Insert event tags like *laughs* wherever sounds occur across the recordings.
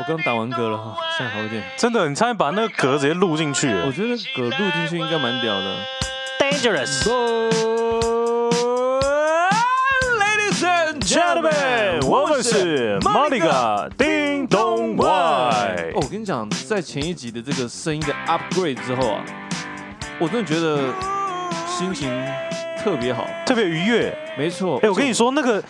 我剛打完嗝了哈，現在好一點。真的，你差點把那個嗝直接錄進去。我覺得嗝錄進去應該蠻屌的。Dangerous。So, Ladies and gentlemen，我們是毛利噶叮咚怪、哦。我跟你講，在前一集的這個聲音的 upgrade 之後啊，我真的覺得心情特別好，特別愉悅。沒錯。哎，我跟你說，以那個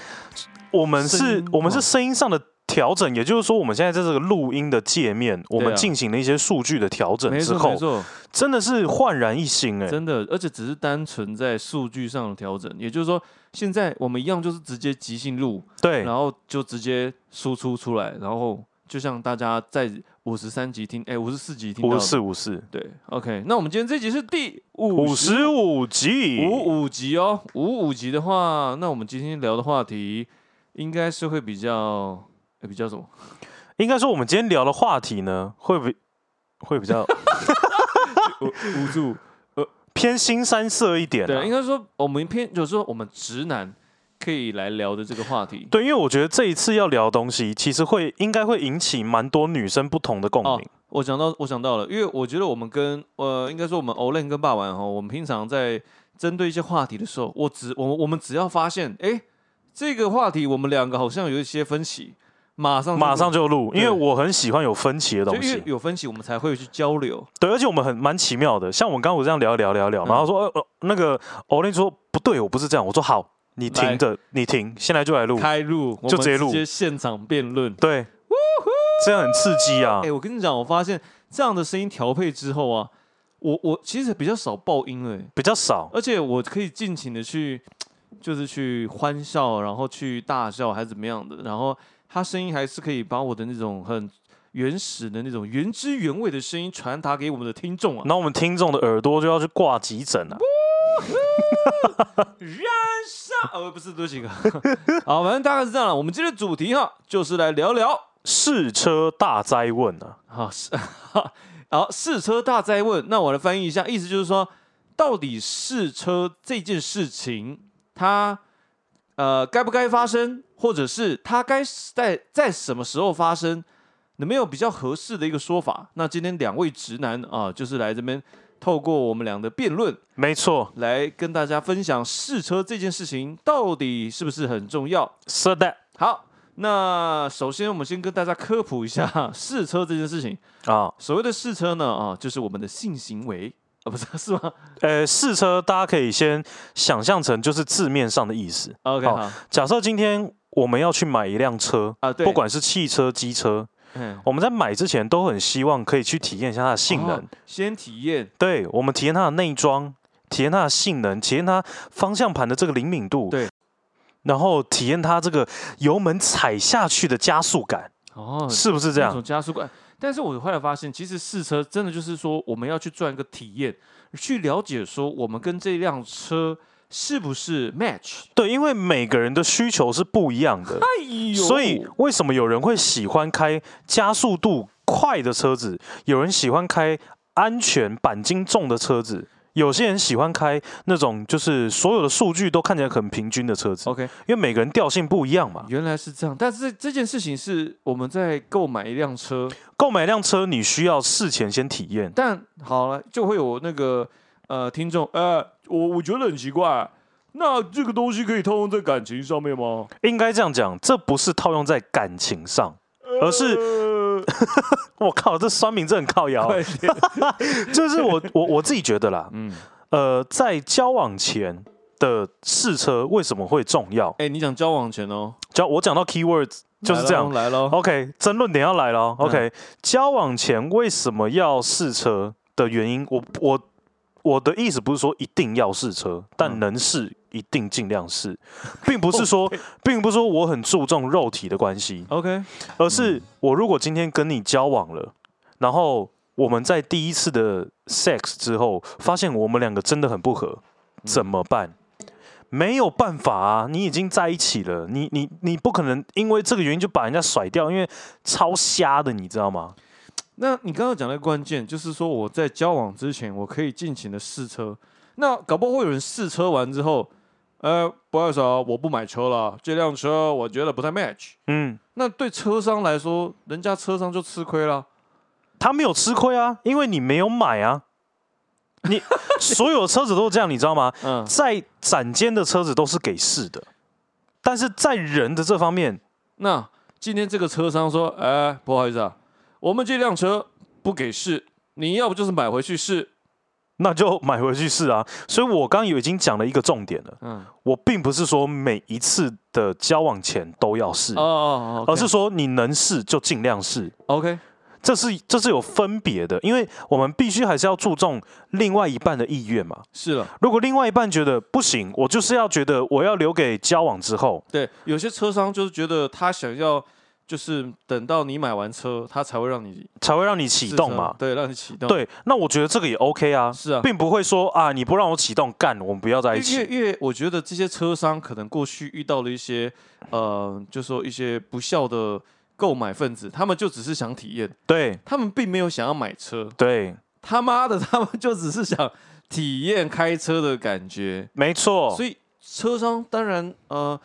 我們是 *noise* 我們是聲音上的。調整，也就是說，我們現在在這個錄音的界面，啊、我們進行了一些數據的調整之後，沒錯，沒錯，真的是煥然一新。哎、欸！真的，而且只是單純在數據上的調整，也就是說，現在我們一樣就是直接即興錄，對，然後就直接輸出出來，然後就像大家在五十三集聽，哎、欸，五十四集聽到，五四五四，對，OK，那我們今天這集是第五十五集，五五集哦，五五集的話，那我們今天聊的話題應該是會比較。比較什麼？應該說，我們今天聊的話題呢，會比會比較 *laughs* *laughs* 無助呃，偏心三色一點、啊。對，應該說我們偏就是說我們直男可以來聊的這個話題。對，因為我覺得這一次要聊的東西，其實會應該會引起蠻多女生不同的共鳴、哦。我想到，我想到了，因為我覺得我們跟呃，應該說我們歐 l 跟爸玩哈，我們平常在針對一些話題的時候，我只我我們只要發現哎、欸，這個話題我們兩個好像有一些分歧。馬上馬上就錄，因為我很喜歡有分歧的東西。就因為有分歧，我們才會去交流。對，而且我們很蠻奇妙的，像我剛剛我這樣聊一聊聊聊，嗯、然後說、呃、那個我 l i 說不對，我不是這樣。我說好，你停着，來你停，現在就來錄，開錄，就直接錄，接現場辯論。對，呼呼這樣很刺激啊！哎、欸，我跟你講，我發現這樣的聲音調配之後啊，我我其實比較少爆音了、欸，比較少，而且我可以盡情的去，就是去歡笑，然後去大笑，還是怎麼樣的，然後。他聲音還是可以把我的那種很原始的那種原汁原味的聲音傳達給我們的聽眾啊，那我們聽眾的耳朵就要去掛急診了、啊。燃燒呼，呃、 *laughs* 哦，不是多幾個， *laughs* 好，反正大概是這樣了。我們今天的主題哈，就是來聊聊試車大災問了啊， *laughs* 好，試車大災問，那我來翻譯一下，意思就是說，到底試車這件事情，它呃該不該發生？或者是他該在在什麼時候發生，你沒有比較合適的一個說法？那今天兩位直男啊、呃，就是來這邊透過我們倆的辯論，沒錯，來跟大家分享試車這件事情到底是不是很重要？是的。好，那首先我們先跟大家科普一下試車這件事情啊，哦、所謂的試車呢啊、呃，就是我們的性行為啊、哦，不是是嗎？呃，試車大家可以先想象成就是字面上的意思。OK，、哦、好，假設今天。我們要去買一輛車啊，不管是汽車、機車，嗯，我們在買之前都很希望可以去體驗一下它的性能，哦，先體驗，對，我們體驗它的內裝，體驗它的性能，體驗它方向盤的這個靈敏度，對，然後體驗它這個油門踩下去的加速感，哦，是不是這樣？加速感。但是我後來發現，其實試車真的就是說，我們要去賺一個體驗，去了解說我們跟這輛車。是不是 match？對，因為每個人的需求是不一樣的，哎呦，所以為什麼有人會喜歡開加速度快的車子？有人喜歡開安全、鈑金重的車子？有些人喜歡開那種就是所有的數據都看起來很平均的車子。OK，因為每個人調性不一樣嘛。原來是這樣，但是這件事情是我們在購買一輛車，購買一輛車你需要事前先體驗。但好了，就會有那個。呃，聽眾，呃，我我覺得很奇怪，那這個東西可以套用在感情上面嗎？應該這樣講，這不是套用在感情上，而是，呃、呵呵我靠，這酸名字很靠腰。 *laughs* *laughs* 就是我我我自己覺得啦，嗯、呃，在交往前的試車為什麼會重要？哎、欸，你講交往前哦，交我講到 keywords 就是這樣來嘍，OK，爭論點要來了、嗯、，OK，交往前為什麼要試車的原因，我我。我的意思不是說一定要試車，但能試一定盡量試，並不是說，並不是說我很注重肉體的關係，OK，而是我如果今天跟你交往了，然後我們在第一次的 sex 之後發現我們兩個真的很不合，怎麼辦？沒有辦法啊，你已經在一起了，你你你不可能因為這個原因就把人家甩掉，因為超瞎的，你知道嗎？那你剛剛講的關鍵就是說，我在交往之前，我可以盡情的試車。那搞不好會有人試車完之後，呃，不好意思啊，我不買車了，這輛車我覺得不太 match。嗯，那對車商來說，人家車商就吃虧了。他沒有吃虧啊，因為你沒有買啊。你 *laughs* 所有的車子都是這樣，你知道嗎？嗯，在展間的車子都是給試的，但是在人的這方面，那今天這個車商說，哎、呃，不好意思啊。我們這輛車不給試，你要不就是買回去試，那就買回去試啊。所以，我剛剛已經講了一個重點了。嗯，我並不是說每一次的交往前都要試哦，哦，okay，而是說你能試就儘量試。OK，這是這是有分別的，因為我們必須還是要注重另外一半的意願嘛。是了，如果另外一半覺得不行，我就是要覺得我要留給交往之後。對，有些車商就是覺得他想要。就是等到你買完車，他才會讓你才會讓你啟動嘛，啊，對，讓你啟動。對，那我覺得這個也 OK 啊，是啊，並不會說啊，你不讓我啟動，幹，我們不要在一起。因為因為我覺得這些車商可能過去遇到了一些呃，就說一些不孝的購買分子，他們就只是想體驗，對他們並沒有想要買車，對他媽的，他們就只是想體驗開車的感覺，沒錯。所以車商當然呃。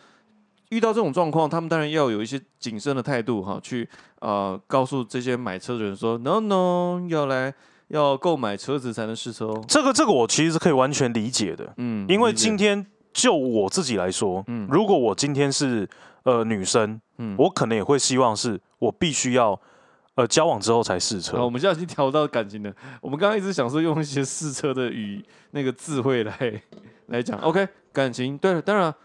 遇到這種狀況，他們當然要有一些謹慎的態度，哈，去呃告訴這些買車的人說，no no，要來要購買車子才能試車哦。這個這個我其實是可以完全理解的，嗯，因為今天就我自己來說，嗯，如果我今天是呃女生，嗯，我可能也會希望是我必須要呃交往之後才試車。我們現在已經調到感情了，我們剛剛一直想說用一些試車的語那個智慧來來講，OK，感情，對了，當然了。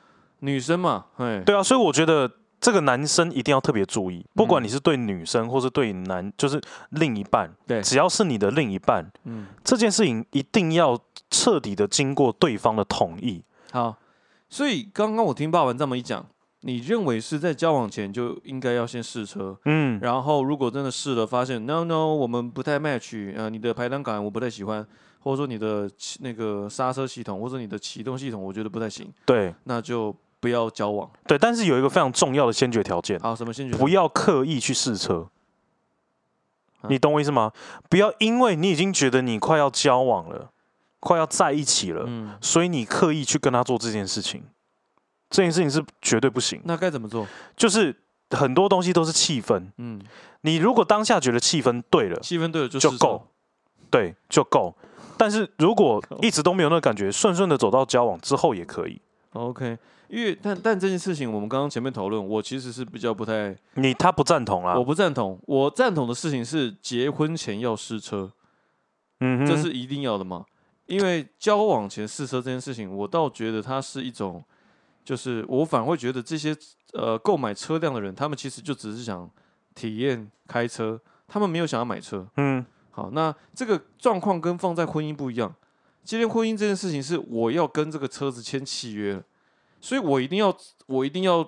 女生嘛，哎，對啊，所以我覺得這個男生一定要特別注意，不管你是對女生，或是對男，嗯、就是另一半，對，只要是你的另一半，嗯，這件事情一定要徹底的經過對方的同意。好，所以剛剛我聽霸文這麼一講，你認為是在交往前就應該要先試車，嗯，然後如果真的試了，發現 no no，我們不太 match，呃，你的排檔桿我不太喜歡，或者說你的那個剎車系統，或者你的啟動系統，我覺得不太行，對，那就。不要交往，對，但是有一個非常重要的先決條件。好，什麼先決？不要刻意去試車，啊、你懂我意思嗎？不要因為你已經覺得你快要交往了，快要在一起了，嗯、所以你刻意去跟他做這件事情，這件事情是絕對不行。那該怎麼做？就是很多東西都是氣氛，嗯，你如果當下覺得氣氛對了，氣氛對了就就夠，對，就夠。但是如果一直都沒有那個感覺， *laughs* 順順的走到交往之後也可以。OK。因為但但這件事情，我們剛剛前面討論，我其實是比較不太你他不贊同啊，我不贊同。我贊同的事情是結婚前要試車，嗯哼，這是一定要的嘛？因為交往前試車這件事情，我倒覺得它是一種，就是我反而會覺得這些呃購買車輛的人，他們其實就只是想體驗開車，他們沒有想要買車。嗯，好，那這個狀況跟放在婚姻不一樣。今天婚姻這件事情是我要跟這個車子簽契約。所以我一定要，我一定要，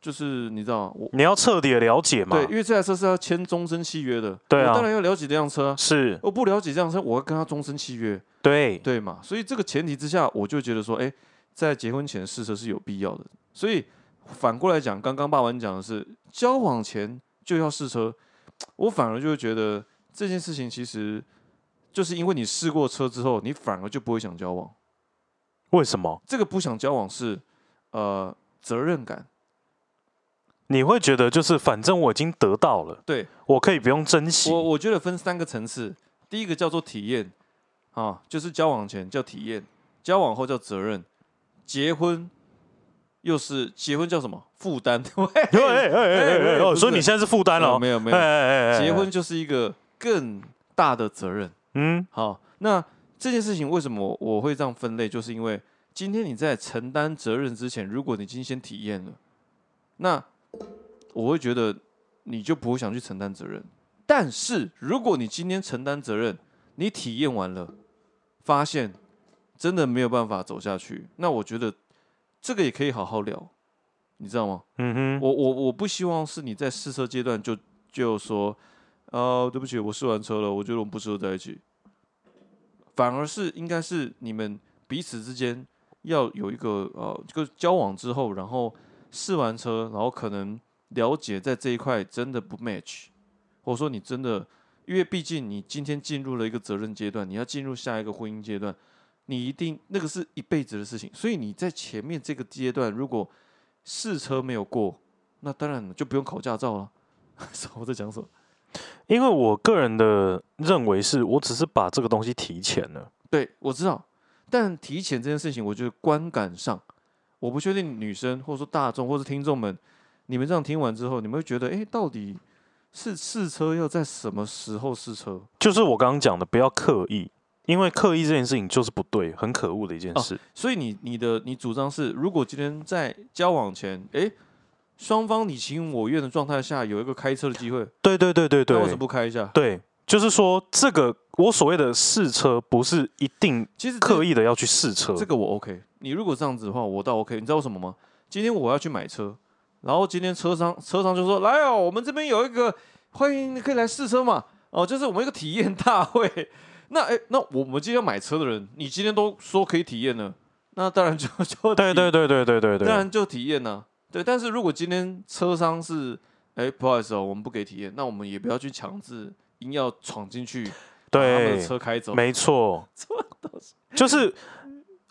就是你知道，我你要徹底了解嘛。對，因為這台車是要簽終身契約的。對啊，我當然要了解這輛車。是，我不了解這輛車，我要跟他終身契約。對，對嘛。所以這個前提之下，我就覺得說，哎，在結婚前試車是有必要的。所以反過來講，剛剛爸爸講的是交往前就要試車，我反而就會覺得這件事情其實就是因為你試過車之後，你反而就不會想交往。為什麼？這個不想交往是？呃，責任感，你會覺得就是反正我已經得到了，對，我可以不用珍惜。我我覺得分三個層次，第一個叫做體驗，啊，就是交往前叫體驗，交往後叫責任，結婚又是結婚叫什麼負擔？對，對， *laughs* 不是，所以你現在是負擔了，沒有沒有，結婚就是一個更大的責任。嗯，好，那這件事情為什麼我會這樣分類，就是因為。今天你在承擔責任之前，如果你今天體驗了，那我會覺得你就不會想去承擔責任。但是如果你今天承擔責任，你體驗完了，發現真的沒有辦法走下去，那我覺得這個也可以好好聊，你知道嗎？嗯哼，我我我不希望是你在試車階段就就說，呃，對不起，我試完車了，我覺得我們不適合在一起。反而是應該是你們彼此之間。要有一個呃，這個交往之後，然後試完車，然後可能了解，在這一塊真的不 match，或者說你真的，因為畢竟你今天進入了一個責任階段，你要進入下一個婚姻階段，你一定那個是一輩子的事情，所以你在前面這個階段如果試車沒有過，那當然就不用考駕照了。 *laughs* 我在講什麼？因為我個人的認為是，我只是把這個東西提前了。對，我知道。但提前這件事情，我覺得觀感上，我不確定女生或者說大眾或者聽眾們，你們這樣聽完之後，你們會覺得，哎、欸，到底是試車要在什麼時候試車？就是我剛剛講的，不要刻意，因為刻意這件事情就是不對，很可惡的一件事。Oh, 所以你你的你主張是，如果今天在交往前，哎、欸，雙方你情我願的狀態下，有一個開車的機會，對，對對對對對，為什麼不開一下？對。就是說，這個我所謂的試車，不是一定其實刻意的要去試車這。這個我 OK。你如果這樣子的話，我倒 OK。你知道為什麼嗎？今天我要去買車，然後今天車商車商就說：“來哦，我們這邊有一個，歡迎你可以來試車嘛。”哦，就是我們一個體驗大會。那哎，那我們今天要買車的人，你今天都說可以體驗呢，那當然就就對,對對對對對對對，當然就體驗呢。對，但是如果今天車商是哎不好意思哦，我們不給體驗，那我們也不要去強制。硬要闖進去，對，把他的車開走，沒錯，是就是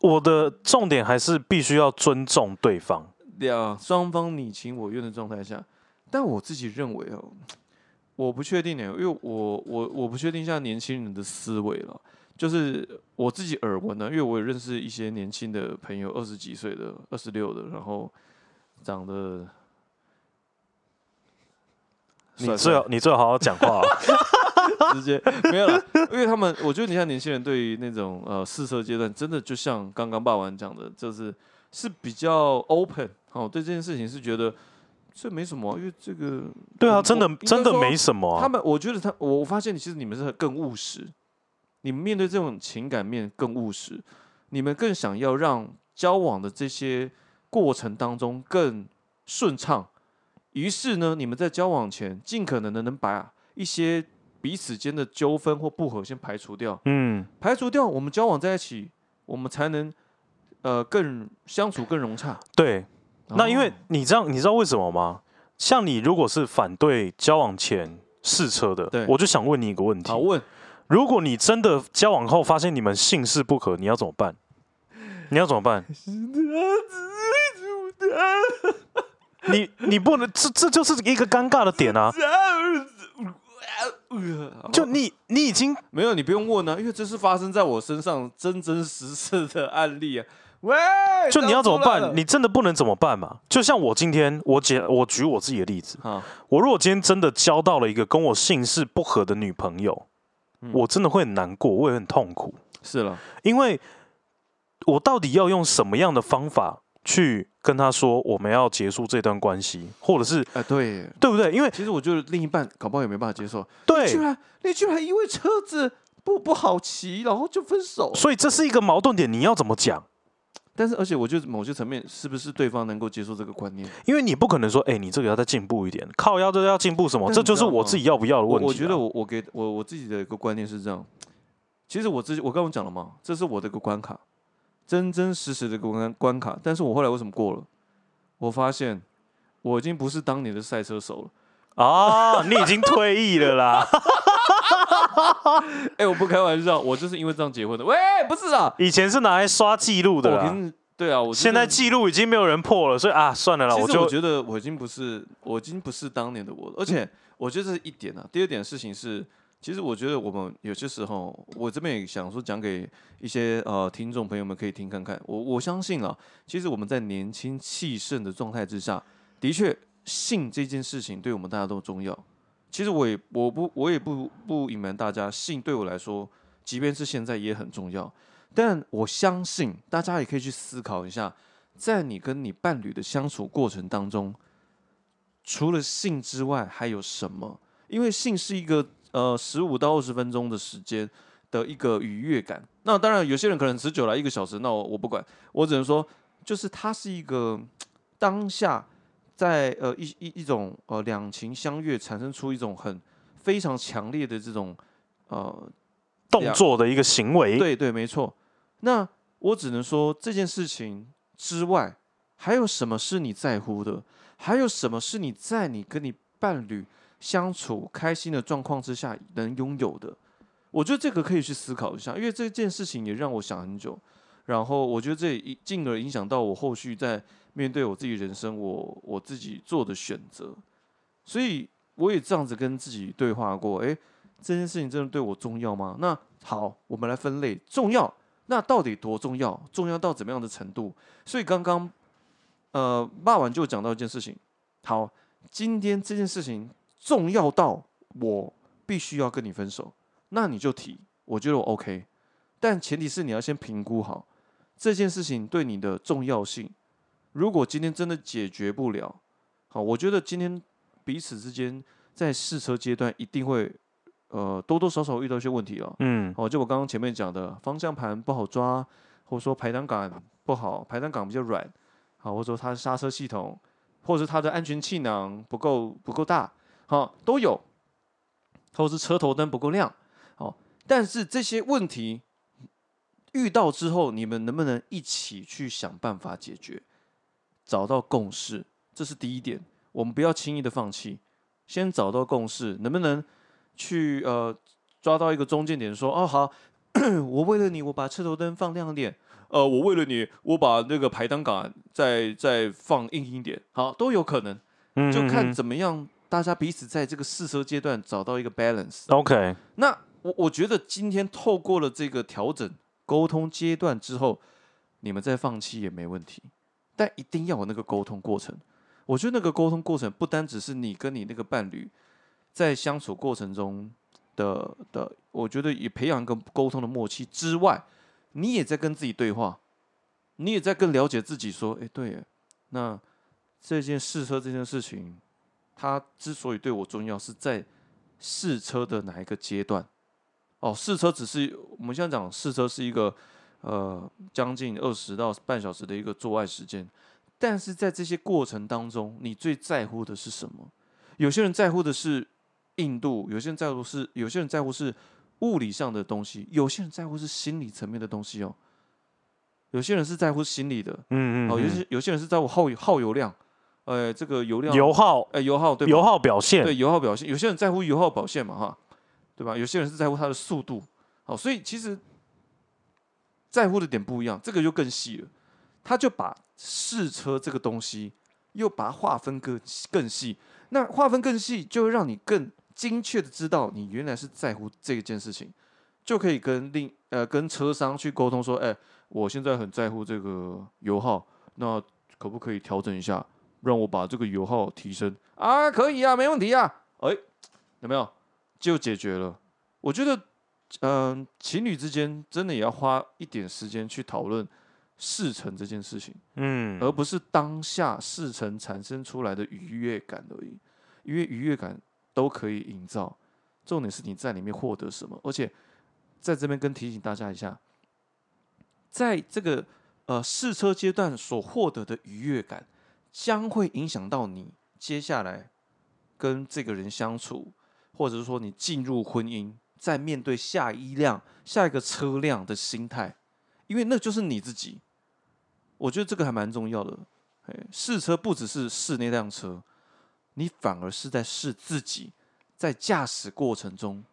我的重點還是必須要尊重對方，兩雙方你情我願的狀態下，但我自己認為哦，我不確定呢，因為我我我不確定一下年輕人的思維了，就是我自己耳聞呢，因為我也認識一些年輕的朋友，二十幾歲的，二十六的，然後長得帥帥你，你最好你最好好好講話。 *laughs* 直接沒有了，因為他們，我覺得你像年輕人，對於那種呃試車階段，真的就像剛剛霸王講的，就是是比較 open 哦，對這件事情是覺得這沒什麼，因為這個，對啊，真的真的沒什麼啊。他們，我覺得他，我發現你其實你們是很更務實，你們面對這種情感面更務實，你們更想要讓交往的這些過程當中更順暢。於是呢，你們在交往前盡可能的能把一些。彼此間的糾紛或不合先排除掉，嗯，排除掉，我們交往在一起，我們才能呃更相處更融洽。對，那因為你知道，哦、你知道為什麼嗎？像你如果是反對交往前試車的，對，我就想問你一個問題。好，問，如果你真的交往後發現你們性事不合，你要怎麼辦？你要怎麼辦？ *laughs* 你你不能，這這就是一個尷尬的點啊。 *laughs* 呃，就你，你已經沒有，你不用問了，啊，因為這是發生在我身上真真實實的案例啊。喂，就你要怎麼辦？你真的不能怎麼辦嘛？就像我今天，我解我舉我自己的例子啊，好我如果今天真的交到了一個跟我姓氏不合的女朋友，嗯、我真的會很難過，我也很痛苦。是了，因為我到底要用什麼樣的方法去？跟他說我們要結束這段關係，或者是啊、呃、對對不對？因為其實我覺得另一半搞不好也沒辦法接受。對，你居然你居然因為車子不不好騎，然後就分手，所以這是一個矛盾點，你要怎麼講？但是而且我覺得某些層面是不是對方能夠接受這個觀念？因為你不可能說，哎、欸，你這個要再進步一點，靠，要這要進步什麼？這就是我自己要不要的問題、啊我。我覺得我我給我我自己的一個觀念是這樣，其實我自己，我剛剛講了嗎？這是我的一個關卡。真真實實的關關卡，但是我後來為什麼過了？我發現我已經不是當年的賽車手了啊、哦！你已經退役了啦！哎、 *laughs* *laughs* 欸，我不開玩笑，我就是因為這樣結婚的。喂，不是啊，以前是拿來刷記錄的。對啊，我現在記錄已經沒有人破了，所以啊，算了啦。其實我覺得我已經不是，我已經不是當年的我了。而且，我覺得這是一點啊，嗯、第二點事情是。其實我覺得我們有些時候，我這邊也想說講給一些呃聽眾朋友們可以聽看看。我我相信啊，其實我們在年輕氣盛的狀態之下，的確性這件事情對我們大家都重要。其實我也我不我也不不隱瞞大家，性對我來說，即便是現在也很重要。但我相信大家也可以去思考一下，在你跟你伴侶的相處過程當中，除了性之外還有什麼？因為性是一個。呃，十五到二十分鐘的時間的一個愉悅感。那當然，有些人可能持久了一個小時，那我我不管，我只能說，就是它是一個當下在呃一一一種呃兩情相悅，產生出一種很非常強烈的這種呃動作的一個行為。對對，沒錯。那我只能說，這件事情之外，還有什麼是你在乎的？還有什麼是你在你跟你伴侶？相處開心的狀況之下能擁有的，我覺得這個可以去思考一下，因為這件事情也讓我想很久。然後我覺得這也進而影響到我後續在面對我自己人生，我我自己做的選擇。所以我也這樣子跟自己對話過，哎、欸，這件事情真的對我重要嗎？那好，我們來分類重要，那到底多重要？重要到怎麼樣的程度？所以剛剛呃，罵完就講到一件事情。好，今天這件事情。重要到我必須要跟你分手，那你就提，我覺得我 OK，但前提是你要先評估好這件事情對你的重要性。如果今天真的解決不了，好，我覺得今天彼此之間在試車階段一定會，呃，多多少少遇到一些問題了。嗯，哦，就我剛剛前面講的，方向盤不好抓，或者說排擋桿不好，排擋桿比較軟，好，或者說它的剎車系統，或者是它的安全氣囊不夠不夠大。好，都有，或是車頭燈不夠亮，好，但是這些問題遇到之後，你們能不能一起去想辦法解決，找到共識，這是第一點。我們不要輕易的放棄，先找到共識，能不能去呃抓到一個中間點，說哦好，我為了你，我把車頭燈放亮一點，呃，我為了你，我把那個排檔桿再再放硬，硬一點，好，都有可能，就看怎麼樣。大家彼此在這個試車階段找到一個 balance，OK Okay。那我我覺得今天透過了這個調整溝通階段之後，你們再放棄也沒問題，但一定要有那個溝通過程。我覺得那個溝通過程不單只是你跟你那個伴侶在相處過程中的的，我覺得也培養一個溝通的默契之外，你也在跟自己對話，你也在更了解自己，說，誒，對耶，那這件試車這件事情。他之所以對我重要，是在試車的哪一個階段？哦，試車只是我們現在講試車是一個呃將近二十到半小時的一個做愛時間，但是在這些過程當中，你最在乎的是什麼？有些人在乎的是硬度，有些人在乎是有些人在乎是物理上的東西，有些人在乎是心理層面的東西哦。有些人是在乎心理的，嗯，嗯嗯，哦，有些有些人是在乎耗耗油量。呃、哎，這個油量油耗，呃、哎，油耗對油耗表現，對油耗表現，有些人在乎油耗表現嘛，哈，對吧？有些人是在乎它的速度，好，所以其實在乎的點不一樣，這個就更細了。他就把試車這個東西又把它劃分更更細，那劃分更細，就會讓你更精確的知道你原來是在乎這件事情，就可以跟另呃跟車商去溝通說，哎，我現在很在乎這個油耗，那可不可以調整一下？讓我把這個油耗提升啊，可以啊，沒問題啊，哎，有沒有就解決了？我覺得，嗯、呃，情侶之間真的也要花一點時間去討論試乘這件事情，嗯，而不是當下試乘產生出來的愉悅感而已，因為愉悅感都可以營造，重點是你在裡面獲得什麼。而且在這邊跟提醒大家一下，在這個呃試車階段所獲得的愉悅感。將會影響到你接下來跟這個人相處，或者是說你進入婚姻，在面對下一輛、下一個車輛的心態，因為那就是你自己。我覺得這個還蠻重要的。哎，試車不只是試那輛車，你反而是在試自己，在駕駛過程中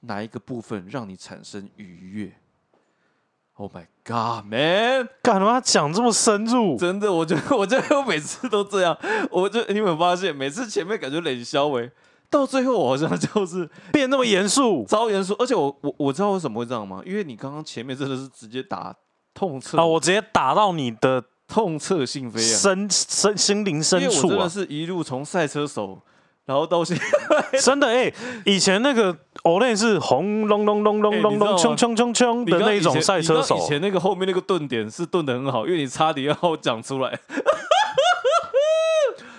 哪一個部分讓你產生愉悅。Oh my God, man！幹嘛講這麼深入，真的，我覺得，我覺得我每次都這樣，我就你有沒有發現，每次前面感覺冷笑話，到最後我好像就是變那麼嚴肅，超嚴肅。而且我我我知道為什麼會這樣嗎？因為你剛剛前面真的是直接打痛徹啊，我直接打到你的痛徹心扉，深深心靈深處、啊、我真的是一路從賽車手，然後到現在 *laughs* 真的哎、欸，以前那個。 *laughs* 我那是轟隆隆隆隆隆隆衝衝衝衝的那種賽車手，以前那個後面那個頓點是頓的很好，因為你差一點要講出來，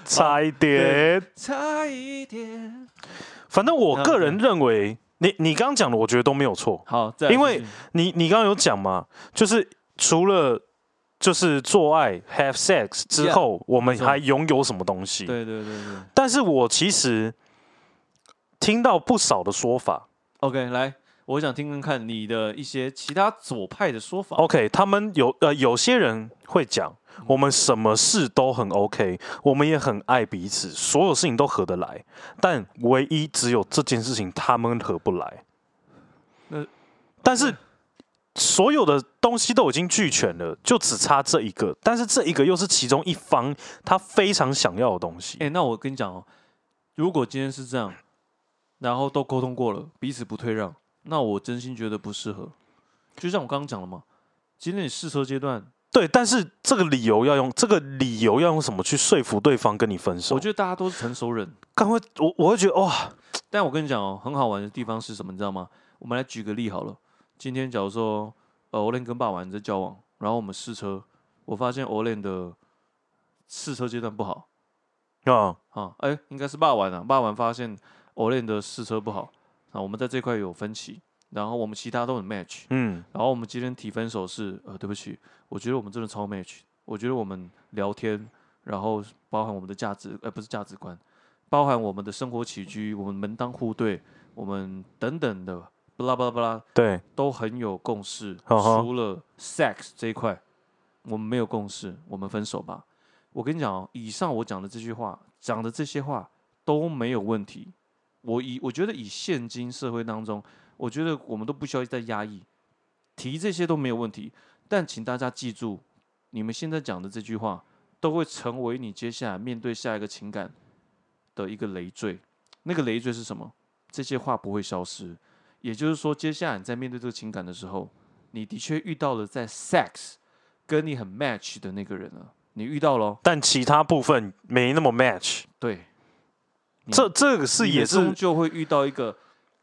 差一點，差一點。反正我個人認為，你你剛剛講的，我覺得都沒有錯。好，因為你你剛剛有講嘛，就是除了就是做愛 have sex 之後，我們還擁有什麼東西？對對對。但是我其實。聽到不少的說法，OK，來，我想聽聽看你的一些其他左派的說法。OK，他們有呃，有些人會講，我們什麼事都很 OK，我們也很愛彼此，所有事情都合得來，但唯一只有這件事情他們合不來。那，但是，OK，所有的東西都已經俱全了，就只差這一個，但是這一個又是其中一方他非常想要的東西。欸，那我跟你講哦，如果今天是這樣。然後都溝通過了，彼此不退讓，那我真心覺得不適合。就像我剛剛講了嘛，今天你試車階段對，但是這個理由要用，這個理由要用什麼去說服對方跟你分手？我覺得大家都是成熟人。剛剛我我會覺得哇，哦、但我跟你講哦，很好玩的地方是什麼？你知道嗎？我們來舉個例好了。今天假如說呃，我、哦、練跟霸玩在交往，然後我們試車，我發現我練的試車階段不好啊、嗯、啊！哎，應該是霸玩了、啊，霸玩發現。我練的試車不好啊，我們在這塊有分歧，然後我們其他都很 match，嗯，然後我們今天提分手是，呃，對不起，我覺得我們真的超 match，我覺得我們聊天，然後包含我們的價值，呃，不是價值觀，包含我們的生活起居，我們門當戶對，我們等等的，bla bla bla，對，都很有共識，除了 sex 這一塊，哦哦，我們沒有共識，我們分手吧。我跟你講哦，以上我講的這句話，講的這些話都沒有問題。我以我覺得以現今社會當中，我覺得我們都不需要再壓抑，提這些都沒有問題。但請大家記住，你們現在講的這句話，都會成為你接下來面對下一個情感的一個累贅。那個累贅是什麼？這些話不會消失。也就是說，接下來你在面對這個情感的時候，你的確遇到了在 sex 跟你很 match 的那個人了，你遇到了，但其他部分沒那麼 match。對。你這這個是也是，就會遇到一個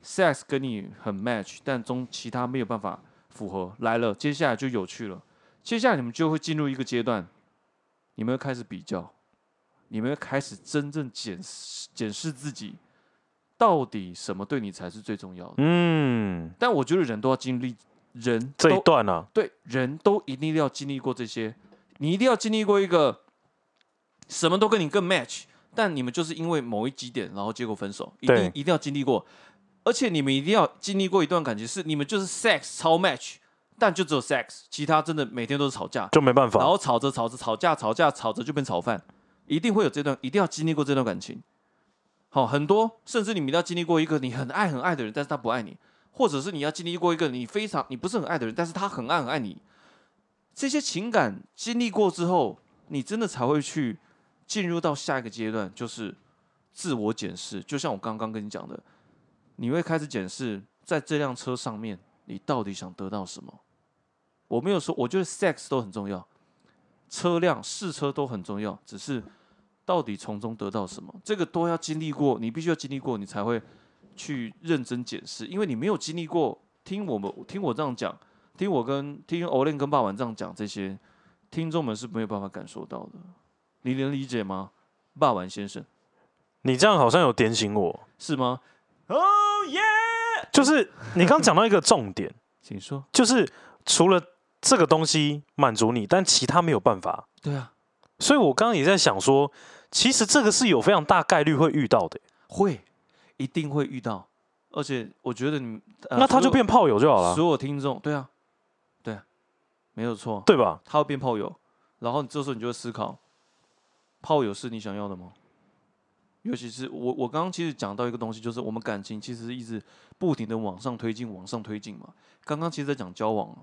sex 跟你很 match，但中其他沒有辦法符合。來了，接下來就有趣了。接下來你們就會進入一個階段，你們要開始比較，你們要開始真正檢檢視自己，到底什麼對你才是最重要的。嗯，但我覺得人都要經歷人這一段呢、啊，對，人都一定要經歷過這些，你一定要經歷過一個什麼都跟你更 match，但你們就是因為某一幾點，然後結果分手，一定對一定要經歷過，而且你們一定要經歷過一段感情是你們就是 sex 超 match，但就只有 sex，其他真的每天都是吵架，就沒辦法，然後吵着吵着吵架吵架吵着就變炒飯，一定會有這段，一定要經歷過這段感情。好、哦，很多甚至你們一定要經歷過一個你很愛很愛的人，但是他不愛你，或者是你要經歷過一個你非常你不是很愛的人，但是他很愛很愛你，這些情感經歷過之後，你真的才會去。進入到下一個階段就是自我檢視，就像我剛剛跟你講的，你會開始檢視在這輛車上面你到底想得到什麼。我沒有說，我覺得 sex 都很重要，車輛試車都很重要，只是到底從中得到什麼，這個都要經歷過，你必須要經歷過，你才會去認真檢視，因為你沒有經歷過，聽我們聽我這樣講，聽我跟聽歐煉跟爸爸這樣講這些，聽眾們是沒有辦法感受到的。你能理解嗎，霸王先生？你這樣好像有點醒我，是嗎？Oh yeah！就是你剛剛講到一個重點， *laughs* 請說，就是除了這個東西滿足你，但其他沒有辦法。對啊，所以我剛剛也在想說，其實這個是有非常大概率會遇到的，會一定會遇到，而且我覺得你、呃、那他就變炮友就好了。所有聽眾，對啊，對啊，對啊，沒有錯，對吧？他會變炮友，然後這時候你就會思考。炮友是你想要的嗎？尤其是我，我剛剛其實講到一個東西，就是我們感情其實是一直不停地往上推進，往上推進嘛。剛剛其實在講交往，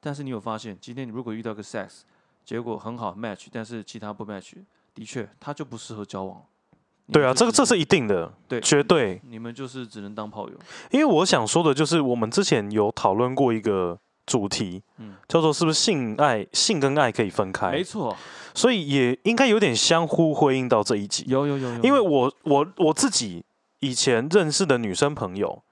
但是你有發現，今天你如果遇到個 sex，結果很好 match，但是其他不 match，的確他就不適合交往。對啊，這個這是一定的，對，絕對，你們就是只能當炮友。因為我想說的就是，我們之前有討論過一個。主題，叫做是不是性愛、性跟愛可以分開？沒錯，所以也應該有點相呼應到這一集。有有，有有有，因為我我我自己以前認識的女生朋友，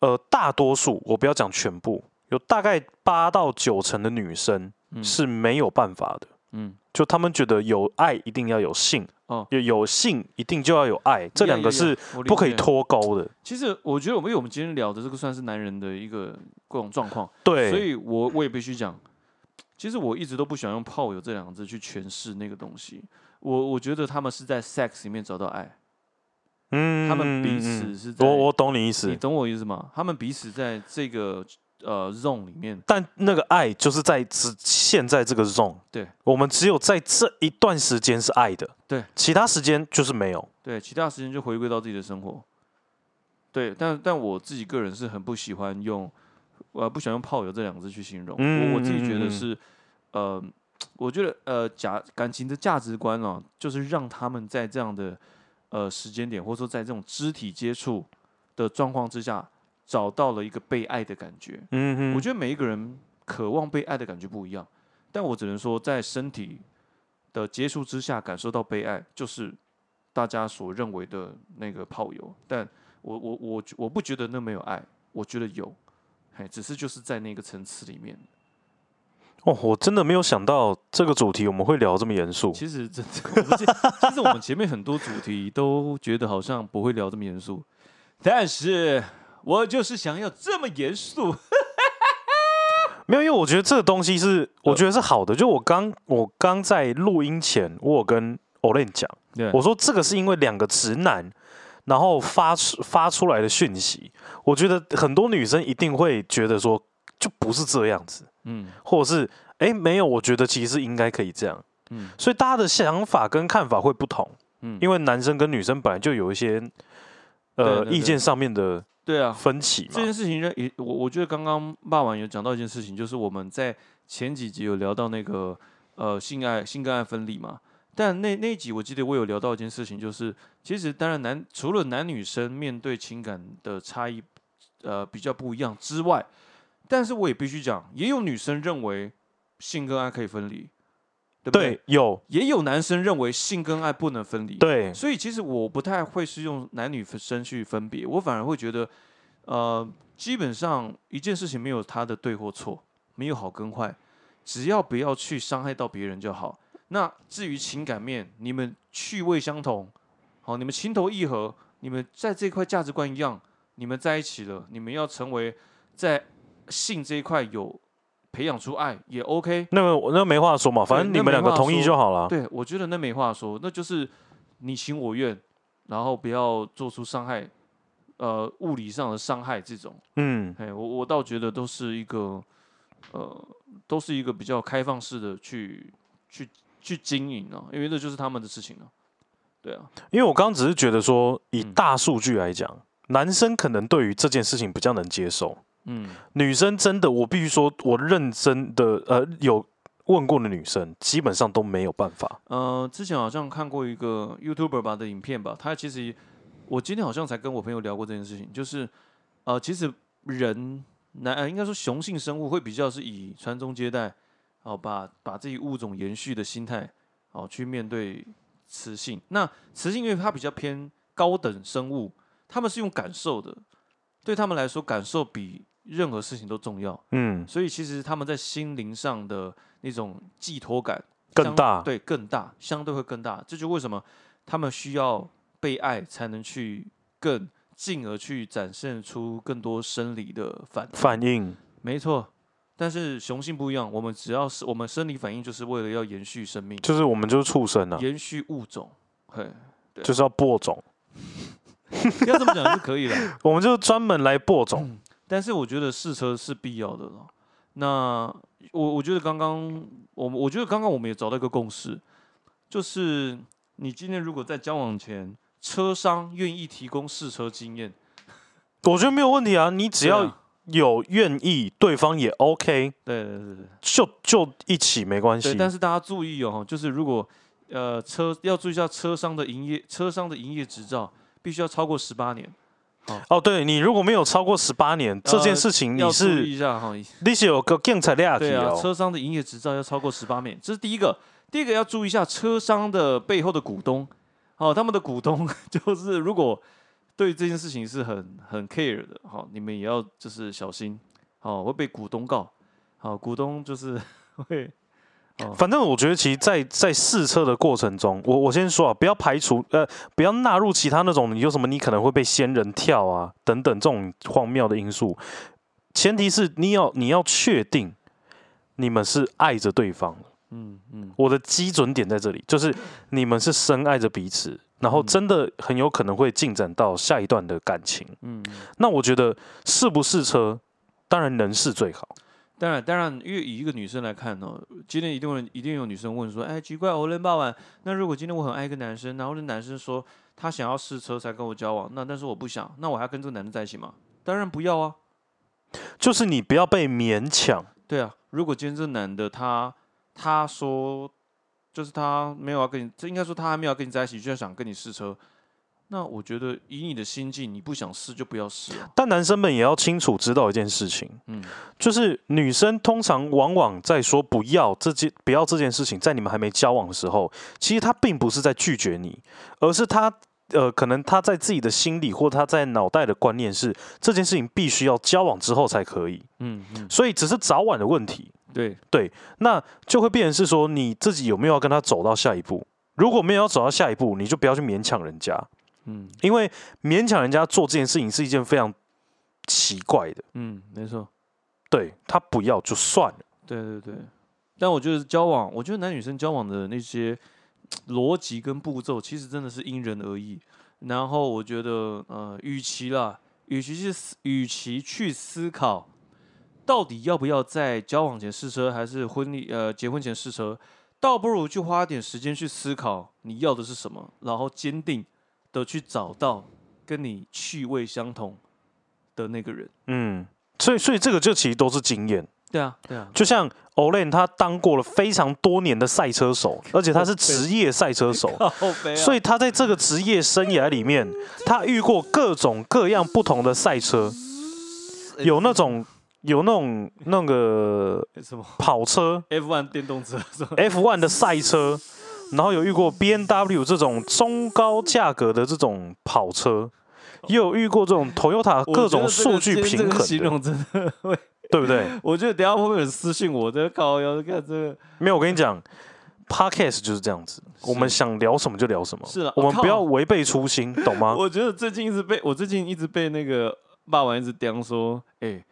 呃，大多數我不要講全部，有大概八到九成的女生是沒有辦法的，嗯。嗯就他們覺得有愛一定要有性，有、哦、有性一定就要有愛，這兩個是不可以脫鈎的。嗯、其實我覺得，我們因為我們今天聊的這個算是男人的一個各種狀況。對，所以我我也必須講，其實我一直都不喜歡用“炮友”這兩個字去詮釋那個東西。我我覺得他們是在 sex 裡面找到愛，嗯，他們彼此是在，我我懂你意思，你懂我意思嗎？他們彼此在這個。呃，zone 裡面，但那個愛就是在此，現在這個 zone，對，我們只有在這一段時間是愛的，對，對，其他時間就是沒有，對，其他時間就回歸到自己的生活，對，但但我自己個人是很不喜歡用，呃，不喜歡用炮友這兩個字去形容。嗯，我，我自己覺得是，呃，我覺得呃，假感情的價值觀啊，就是讓他們在這樣的呃時間點，或者說在這種肢體接觸的狀況之下。找到了一個被愛的感覺嗯哼，嗯我覺得每一個人渴望被愛的感覺不一樣，但我只能說，在身體的接觸之下感受到被愛，就是大家所認為的那個炮友。但我我我我不覺得那沒有愛，我覺得有，哎，只是就是在那個層次裡面。哦，我真的沒有想到這個主題我們會聊這麼嚴肅。其實，真的， *laughs* 其實我們前面很多主題都覺得好像不會聊這麼嚴肅，但是。我就是想要這麼嚴肅，沒有，因為我覺得這個東西是，我覺得是好的。呃、就我剛我剛在錄音前，我有跟 Olin 講，對我說這個是因為兩個直男，然後發出發出來的訊息，我覺得很多女生一定會覺得說，就不是這樣子，嗯，或者是哎、欸、沒有，我覺得其實應該可以這樣，嗯，所以大家的想法跟看法會不同，嗯，因為男生跟女生本來就有一些呃、那個、意見上面的。對啊，分歧嘛。這件事情，認也我我覺得剛剛罵完有講到一件事情，就是我們在前幾集有聊到那個呃性愛、性跟愛分離嘛。但那那一集我記得我有聊到一件事情，就是其實當然男除了男女生面對情感的差異呃比較不一樣之外，但是我也必須講，也有女生認為性跟愛可以分離。對，對，對，有也有男生認為性跟愛不能分離。對，所以其實我不太會是用男女生去分別，我反而會覺得，呃，基本上一件事情沒有他的對或錯，沒有好跟壞，只要不要去傷害到別人就好。那至於情感面，你們趣味相同，好、哦，你們情投意合，你們在這一塊價值觀一樣，你們在一起了，你們要成為在性這一塊有。培養出愛也 OK，那個我那沒話說嘛，反正你們兩個同意就好了。對，我覺得那沒話說，那就是你情我願，然後不要做出傷害，呃，物理上的傷害這種。嗯，嘿我我倒覺得都是一個，呃，都是一個比較開放式的去去去經營啊，因為這就是他們的事情了，啊。對啊，因為我剛剛只是覺得說，以大數據來講，嗯，男生可能對於這件事情比較能接受。嗯，女生真的，我必須說，我認真的，呃，有問過的女生基本上都沒有辦法。呃，之前好像看過一個 YouTuber 吧的影片吧，他其實我今天好像才跟我朋友聊過這件事情，就是呃，其實人男，呃，應該說雄性生物會比較是以傳宗接代，哦，把把自己物種延續的心態，哦，去面對雌性。那雌性因為它比較偏高等生物，他們是用感受的，對他們來說感受比。任何事情都重要，嗯，所以其實他們在心靈上的那種寄託感更大，對，更大，相對會更大。這就是為什麼他們需要被愛，才能去更進而去展現出更多生理的反應反應。沒錯，但是雄性不一樣，我們只要是我們生理反應，就是為了要延續生命，就是我們就是畜生了，延續物種，嘿，對就是要播種。 *laughs* 要這麼講就可以了， *laughs* 我們就專門來播種。嗯但是我覺得試車是必要的了哦。那我我覺得剛剛我我覺得剛剛我們也找到一個共識，就是你今天如果在交往前，車商願意提供試車經驗，我覺得沒有問題啊。你只要有願意，對方也 OK。對對對，對，就就一起沒關係。但是大家注意哦，就是如果呃車要注意一下車商的營業車商的營業執照必須要超過十八年。哦，oh. oh, 對，你如果沒有超過十八年，uh, 這件事情你是注意一下哈。這、哦、是有個的對、啊、車商的營業執照要超過十八年，這是第一個。第一個要注意一下車商的背後的股東，哦，他們的股東就是如果對這件事情是很很 care 的，好、哦，你們也要就是小心，好、哦、會被股東告，好、哦、股東就是會。哦、反正我覺得，其實在在試車的過程中，我我先說啊，不要排除，呃，不要納入其他那種，你有什麼你可能會被仙人跳啊等等這種荒謬的因素。前提是你要你要確定你們是愛着對方。嗯嗯，嗯我的基準點在這裡，就是你們是深愛着彼此，然後真的很有可能會進展到下一段的感情。嗯，那我覺得試不試車，當然能試最好。當然，當然，因為以一個女生來看呢、哦，今天一定有，一定有女生問說：“哎，奇怪，我然傍晚，那如果今天我很愛一個男生，然後那男生說他想要試車才跟我交往，那但是我不想，那我還要跟這個男的在一起嗎？當然不要啊，就是你不要被勉強。對啊，如果今天這男的他他說，就是他沒有要跟你，這應該說他還沒有跟你在一起，就想跟你試車。”那我覺得，以你的心境，你不想試就不要試啊。但男生們也要清楚知道一件事情，嗯，就是女生通常往往在說“不要”這件“不要”這件事情，在你們還沒交往的時候，其實她並不是在拒絕你，而是她呃，可能她在自己的心裡或她在腦袋的觀念是這件事情必須要交往之後才可以。嗯，嗯，所以只是早晚的問題。對對，那就會變成是說你自己有沒有要跟他走到下一步？如果沒有要走到下一步，你就不要去勉強人家。嗯，因為勉強人家做這件事情是一件非常奇怪的。嗯，沒錯，對，他不要就算了。對對對，但我覺得交往，我覺得男女生交往的那些邏輯跟步驟，其實真的是因人而異。然後我覺得，呃，與其啦，與其去思，與其去思考到底要不要在交往前試車，還是婚禮呃結婚前試車，倒不如去花點時間去思考你要的是什麼，然後堅定。得去找到跟你趣味相同的那個人，嗯，所以所以這個就其實都是經驗，對啊對啊，對啊，就像 Olen 他當過了非常多年的賽車手，而且他是職業賽車手， *laughs* 啊，所以他在這個職業生涯裡面，他遇過各種各樣不同的賽車，有那種有那種那個什麼跑車 F1 電動車，F1 的賽車。然後有遇過 B N W 這種中高價格的這種跑車，也有遇過這種 Toyota 各種、這個、數據平衡對不對？我覺得等下會不會有人私信我的？這搞要這個沒有，我跟你講，Podcast 就是這樣子，是我們想聊什麼就聊什麼。是啊，我們不要違背初心，懂嗎？我覺得最近一直被我最近一直被那個霸王一直刁說，哎，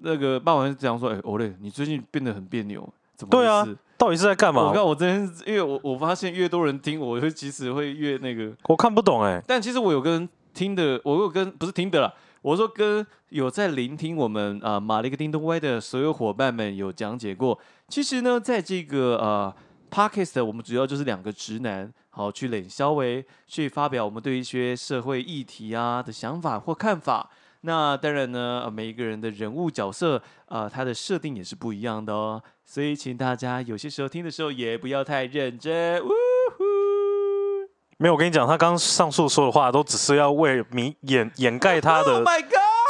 那個霸王一直講說，哎，歐、那、雷、個哦，你最近變得很別扭，怎麼回事？到底是在幹嘛？我看我這邊，因為我我發現越多人聽，我會其實會越那個。我看不懂哎、欸，但其實我有跟聽的，我有跟不是聽的啦，我說跟有在聆聽我們啊、呃、馬里克叮咚歪的所有夥伴們有講解過。其實呢，在這個呃 Podcast 我們主要就是兩個直男，好去冷稍微去發表我們對一些社會議題啊的想法或看法。那當然呢，每一個人的人物角色啊、呃，他的設定也是不一樣的哦。所以，請大家有些時候聽的時候也不要太認真。嗚呼沒有，我跟你講，他剛剛上述說的話，都只是要為你掩掩蓋他的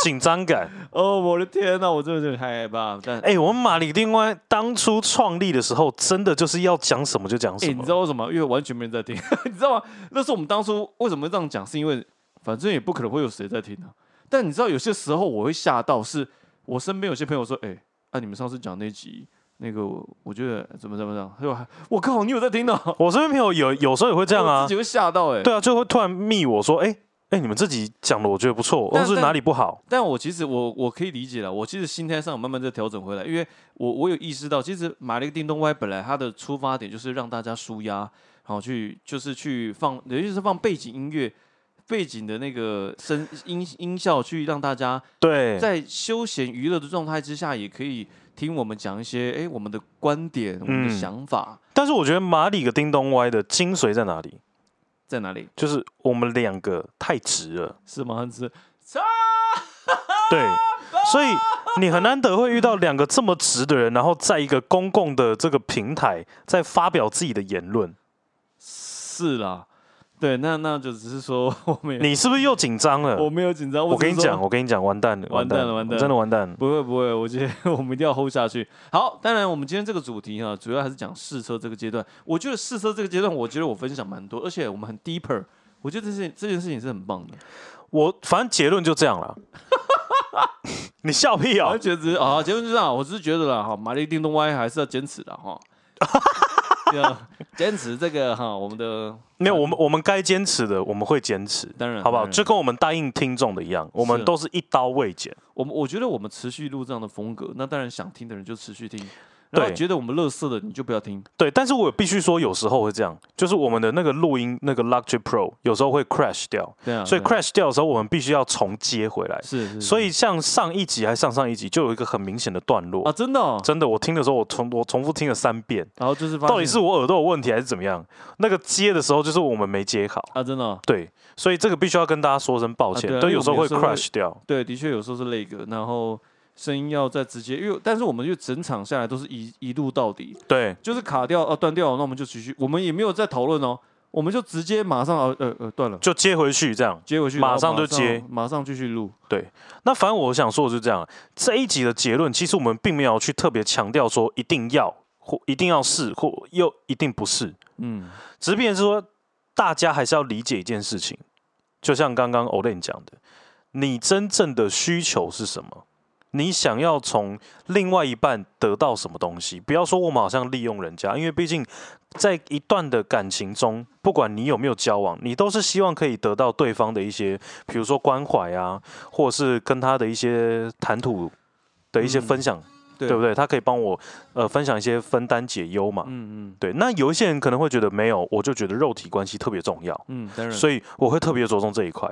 緊張感。哦，我的天哪，我真的是太害怕。但誒我們馬里丁灣當初創立的時候，真的就是要講什麼就講什麼。誒你知道為什麼？因為完全沒人在聽， *laughs* 你知道嗎？那是我們當初為什麼會這樣講，是因為反正也不可能會有誰在聽啊。但你知道有些時候我會嚇到，是我身邊有些朋友說：“哎、欸，啊你們上次講那集，那個我我覺得怎麼怎麼怎麼，他說我靠你有在聽到，我身邊朋友有有時候也會這樣啊，自己會嚇到、欸、對啊，就會突然密我說：“哎、欸、哎、欸、你們自己講的我覺得不錯，但或是哪裡不好？”但，但我其實我我可以理解了，我其實心態上有慢慢在調整回來，因為我我有意識到，其實買了一個叮咚歪，本來它的出發點就是讓大家舒壓，然後去就是去放，尤其是放背景音樂。背景的那個聲音音效，去讓大家對在休閒娛樂的狀態之下，也可以聽我們講一些哎、欸，我們的觀點，我們的想法、嗯。但是我覺得馬里個叮咚歪的精髓在哪裡？在哪裡？就是我們兩個太直了，是嗎？很直。 *laughs* 對，所以你很難得會遇到兩個這麼直的人，然後在一個公共的這個平台，在發表自己的言論。是啦。對，那那就只是說我們。你是不是又緊張了？我沒有緊張，我，我跟你講，我跟你講，完蛋了，完蛋了，完蛋了，完蛋了，真的完蛋了。不會不會，我覺得我們一定要 hold 下去。好，當然我們今天這個主題哈、啊，主要還是講試車這個階段。我覺得試車這個階段，我覺得我分享蠻多，而且我們很 deeper。我覺得這件這件事情是很棒的。我反正結論就這樣了。 *laughs* *laughs* 你笑屁啊、哦哦！結論啊，結論就這樣。我只是覺得啦，哈，馬力叮咚 Y 還是要堅持的哈。 *laughs* 堅 *laughs* 持這個哈，我們的沒有我們，我們該堅持的我們會堅持，當然，好不好？然就跟我們答應聽眾的一樣，我們都是一刀未剪。我們我覺得我們持續錄這樣的風格，那當然想聽的人就持續聽。對，覺得我們樂色的你就不要聽。對，但是我必須說，有時候會這樣，就是我們的那個錄音那個 Logic Pro 有時候會 crash 掉。對啊。對啊，所以 crash 掉的時候，我們必須要重接回來。是是，是。所以像上一集還是上上一集，就有一個很明顯的段落啊！真的、哦，真的，我聽的時候我，我重我重複聽了三遍，然後就是到底是我耳朵有問題還是怎麼樣？那個接的時候就是我們沒接好啊！真的、哦。對，所以這個必須要跟大家說聲抱歉。啊對，啊、對，有時候會 crash 掉會。對，的確有時候是那個，然後。聲音要再直接，因為但是我們就整場下來都是一一路到底，對，就是卡掉呃、啊、斷掉了，那我們就繼續，我們也沒有再討論哦，我們就直接馬上呃呃斷了，就接回去這樣，接回去馬上，馬上就接，馬上繼續錄，對，那反正我想說的就是這樣，這一集的結論其實我們並沒有去特別強調說一定要或一定要是或又一定不是，嗯，只是變成是說大家還是要理解一件事情，就像剛剛 Olin 講的，你真正的需求是什麼？你想要從另外一半得到什麼東西？不要說我們好像利用人家，因為畢竟在一段的感情中，不管你有沒有交往，你都是希望可以得到對方的一些，比如說關懷啊，或者是跟他的一些談吐的一些分享，嗯、對，對不對？他可以幫我呃分享一些分擔解憂嘛。嗯嗯，嗯對。那有一些人可能會覺得沒有，我就覺得肉體關係特別重要。嗯，當然。所以我會特別着重這一塊。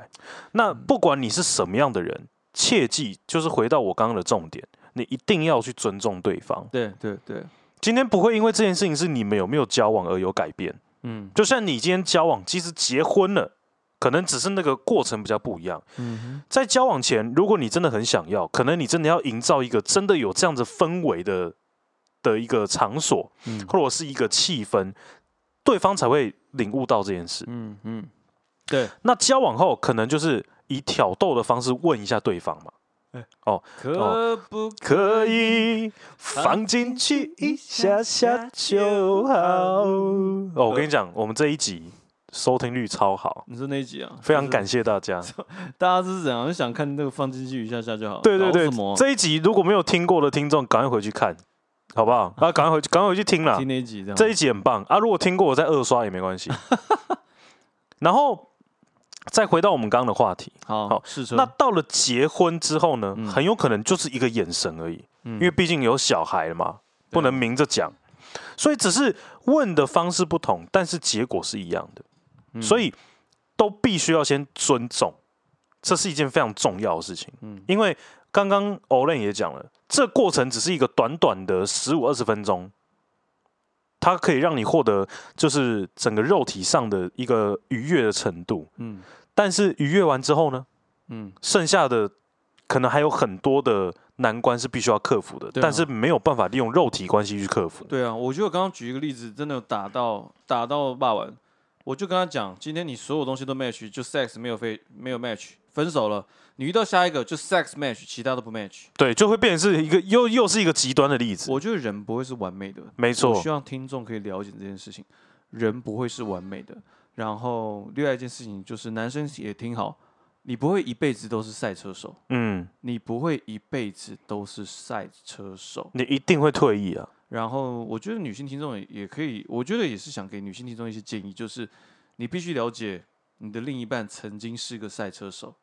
那不管你是什麼樣的人。切記，就是回到我剛剛的重點，你一定要去尊重對方。對對對，對對，今天不會因為這件事情是你們有沒有交往而有改變。嗯，就像你今天交往，即使結婚了，可能只是那個過程比較不一樣。嗯哼，在交往前，如果你真的很想要，可能你真的要營造一個真的有這樣子氛圍的的一個場所，嗯，或者是一個氣氛，對方才會領悟到這件事。嗯嗯。嗯對，那交往後可能就是以挑逗的方式問一下對方嘛。哦，可不可以放進去一下下就好？哦，我跟你講，我們這一集收聽率超好。你說哪一集啊？非常感謝大家，大家是怎樣想看那個放進去一下下就好？對對對，這一集如果沒有聽過的聽眾，趕快回去看好不好？啊，趕快回去，趕快回去聽啦。聽哪集？這一集很棒啊！如果聽過，我再二刷也沒關係。然後。再回到我們剛剛的話題，好，好說那到了結婚之後呢，很有可能就是一個眼神而已，嗯、因為畢竟有小孩了嘛，不能明着講，對所以只是問的方式不同，但是結果是一樣的，嗯、所以都必須要先尊重，這是一件非常重要的事情。嗯，因為剛剛 Owen 也講了，這個、過程只是一個短短的十五二十分鐘。它可以讓你獲得，就是整個肉體上的一個愉悅的程度，嗯，但是愉悅完之後呢，嗯，剩下的可能還有很多的難關是必須要克服的，啊、但是沒有辦法利用肉體關係去克服。對啊，我就剛剛舉一個例子，真的打到打到罷完，我就跟他講，今天你所有東西都 match，就 sex 沒有非沒有 match。分手了，你遇到下一個就 sex match，其他都不 match，對，就會變成是一個又又是一個極端的例子。我覺得人不會是完美的，沒錯。希望聽眾可以了解這件事情，人不會是完美的。然後另外一件事情就是，男生也聽好，你不會一輩子都是賽車手，嗯，你不會一輩子都是賽車手，你一定會退役啊。然後我覺得女性聽眾也可以，我覺得也是想給女性聽眾一些建議，就是你必須了解。你的另一半曾經是個賽車手，